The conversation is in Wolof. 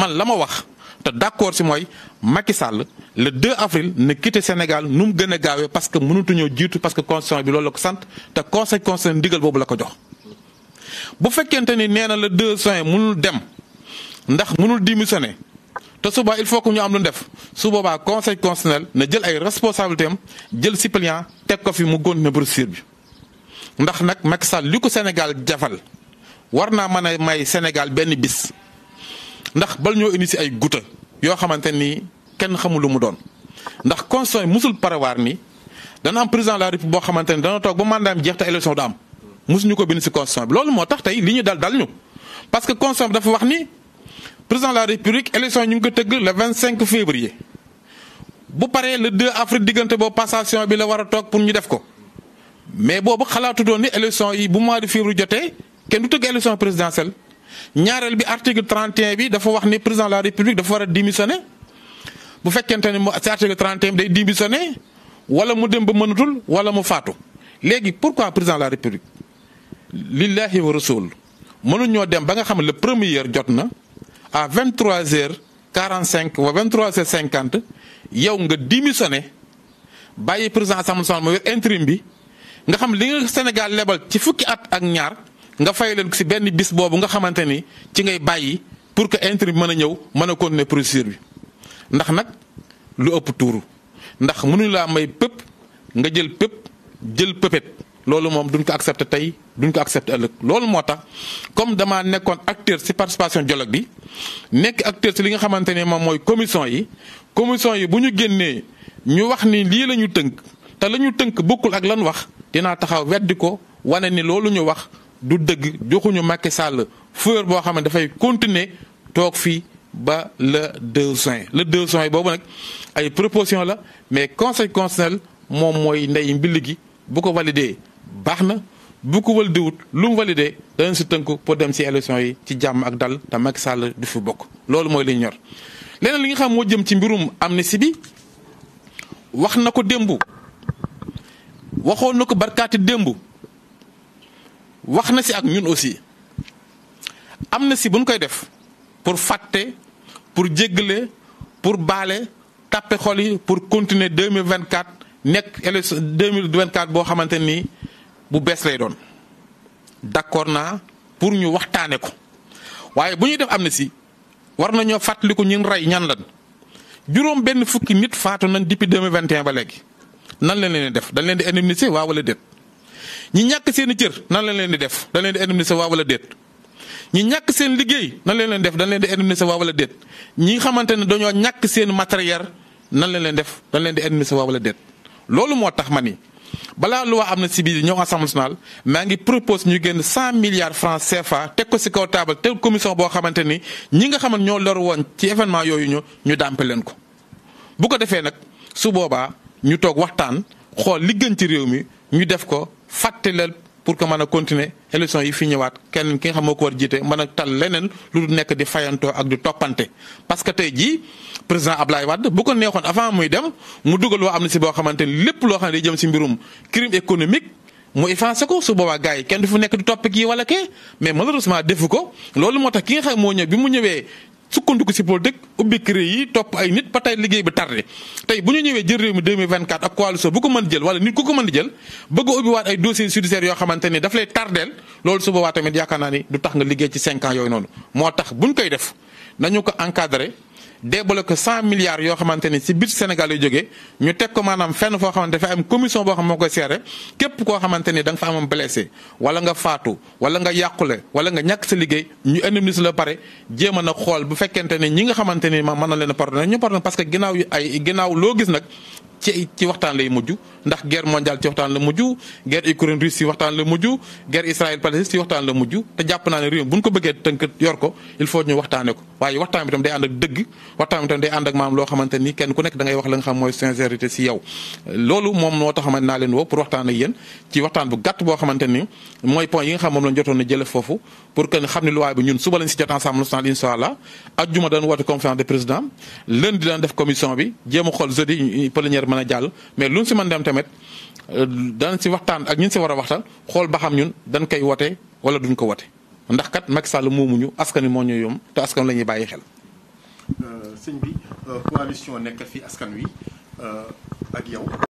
man lama wax te d'accord ci moy Macky Sall le 2 avril ne quitter Sénégal nu gëna gën parce que ñu jitu parce que constitution bi loolu ko sante te conseil constitutionnel digël bobu la ko jox. bu fekkente ni néna le 2 juin mënul dem ndax mënul démissionner te suba il faut que ñu am lu def su boobaa conseil constitutionnel na jël ay responsabilités jël suppléant tek ko fi mu continuer procédure bi ndax nak Macky Sall li Sénégal jafal warna naa may Sénégal benn bis ndax bal ñoo indi ay guta yoo xamanteni ni kenn xamul lu mu doon ndax constitution musul parawaar ni dana am président de la république boo xamanteni dana toog ba mandam jeex te élection du am musuñu ko bind si constitution bi loolu moo tax tey li ñu dal dal ñu parce que constitution dafa wax ni président de la république élection ñu ngi ko tëgg le 25 février bu paree le 2 avril diggante boobu passation bi la war a toog pour ñu def ko mais boobu xalaatu doon ni élection yi bu mois de février jotee kenn du tëgg élection présidentielle ñaareel bi article 31 bi dafa wax ni président de la république dafa war a démissionner bu fekkente ne mu si article 31 bi day démissionner wala mu dem ba mënatul wala mu faatu léegi pour pourquoi président de la république lillahi wa rasul ñoo dem ba nga xam ne le jot na à 23h45 wa 23h50 yow nga démissionné bàyyi président assemblée nationale mu wér bi nga xam li nga Sénégal lebal ci fukki at ak ñaar. nga fay leen si benn bis boobu nga xamante ni ci ngay bàyyi pour que intrant bi mën a ñëw mën a ne procédure bi ndax nag lu ëpp tuuru ndax mënuñu laa may pëpp nga jël pëpp jël pëppet loolu moom duñ ko accepté tey duñ ko accepté ëllëg loolu moo tax comme damaa nekkoon acteur si participation dialogue bi nekk acteur si li nga xamante ne moom mooy commission yi commission yi bu ñu génnee ñu wax ni lii la ñu tënk te la ñu tënk bokkul ak lan wax dinaa taxaw weddi ko wane ni loolu ñu wax du dëgg joxuñu Macky Sall fure boo xam ne dafay continuer toog fii ba le 2 juin le 2 juin boobu nag ay proposition la mais conséquence constitutionnel moom mooy ndey mbill gi bu ko validé baax na bu ko wal diwut lu mu validé danañ si tënk pour dem si élection yi ci jàmm ak dal te Macky Sall du fi bokk loolu mooy li ñu ñor leneen li nga xam moo jëm ci mbirum am amnistie bi wax na ko démb waxoon na ko barkaati démb wax na si ak ñun aussi am na si buñ koy def pour faté, pour jéggale pour baale tapé xol yi pour continuer 2024 nek 2024 quatre nekk élection deux bu bess lay doon d'accord na pour ñu waxtaane ko waye bu ñuy def amna si war nañoo fàttaliku ñun ray ñan lan juroom benn fukki nit faatu nañ depuis 2021 ba léegi nan leen leen def dañ leen di indemniser waa wala déet. ñi ñàkk seen cër nan lañ leen di def da leen di indemniser waa wala déet ñi ñàkk seen liggéey nan leen leen def dañ leen di indemniser waa wala déet ñi nga xamante ne dañoo ñàkk seen matériel nan lañ leen def dañ leen di indemniser waa wala déet. loolu moo tax ma ni balaa loi amnistie bi ñëw assemblée nationale maa ngi propose ñu génn cent milliards francs CFA teg ko si kaw taabal te commission boo xamante ni ñi nga xam ne ñoo lor woon ci événement yooyu ñu ñu dàmpe leen ko bu ko defee nag su boobaa ñu toog waxtaan xool li ci réew mi ñu def ko. fàtte leen pour que mën a continuer élection yi fi ñëwaat kenn ki xam moo ko war jiite mën a tal leneen lu nekk di fayantoo ak di toppante. parce que tey jii président Ablaye Wade bu ko neexoon avant muy dem mu dugal loo am na si boo xamante ni lépp loo xam ne day jëm si mbirum crime économique. mu effacé ko su boobaa gars yi kenn di fu nekk di topp kii wala kee mais malheureusement defu ko loolu moo tax ki xam moo ñëw bi mu ñëwee sukkandiku si politique ubbi créé yi topp ay nit ba tey liggéey bi tardé tey bu ñu ñëwee jël réew mi 2024 ab coalition bu ko mën jël wala nit ku ko mën jël bëgg a ubbiwaat ay dossiers judiciaires yoo xamante ni daf lay tardeel loolu su boobaa tamit yaakaar naa ni du tax nga liggéey ci 5 ans yooyu noonu moo tax buñ koy def nañu ko encadré débloqué cent milliards yoo xamante ni si biir Sénégal yu jóge ñu teg ko maanaam fenn foo xamante dafa am commission boo xam moo koy seere képp koo xamante ni da nga fa amoon blessé wala nga faatu wala nga yàqule wala nga ñàkk sa liggéey ñu indemnise la pare jéem a nag xool bu fekkente ne ñi nga xamante ni ma mën na leen pardonné ñu pardonné parce que ginnaaw ay ginnaaw loo gis nag ci ci waxtaan lay mujj ndax guerre mondiale ci waxtaan la mujj guerre Ukraine Russie ci waxtaan la mujj guerre Israël Palestine ci waxtaan la mujj te jàpp naa ne réew ko bëggee tënk yor il faut ñu waxtaane ko waaye waxtaan bi tam day ànd dëgg waxtaan bi tam day ànd maam loo xamante ni kenn ku nekk da ngay wax la nga xam mooy sincérité ci yow loolu moom moo tax naa leen woo pour waxtaan ak yéen ci waxtaan bu gàtt boo xamante ni mooy point yi nga xam moom lañ jotoon na jële foofu pour bi mën a jàll mais luñ si mën dem tamit euh, danañ si waxtaan ak ñun si war a waxtaan xool ba xam ñun dañ koy wote wala duñ ko wote ndax kat Macky Sall moomuñu askan wi moo ñu yom te askan la ñuy bàyyi xel. Euh, sëñ bi euh, coalition nekk fi askan wi ak yow.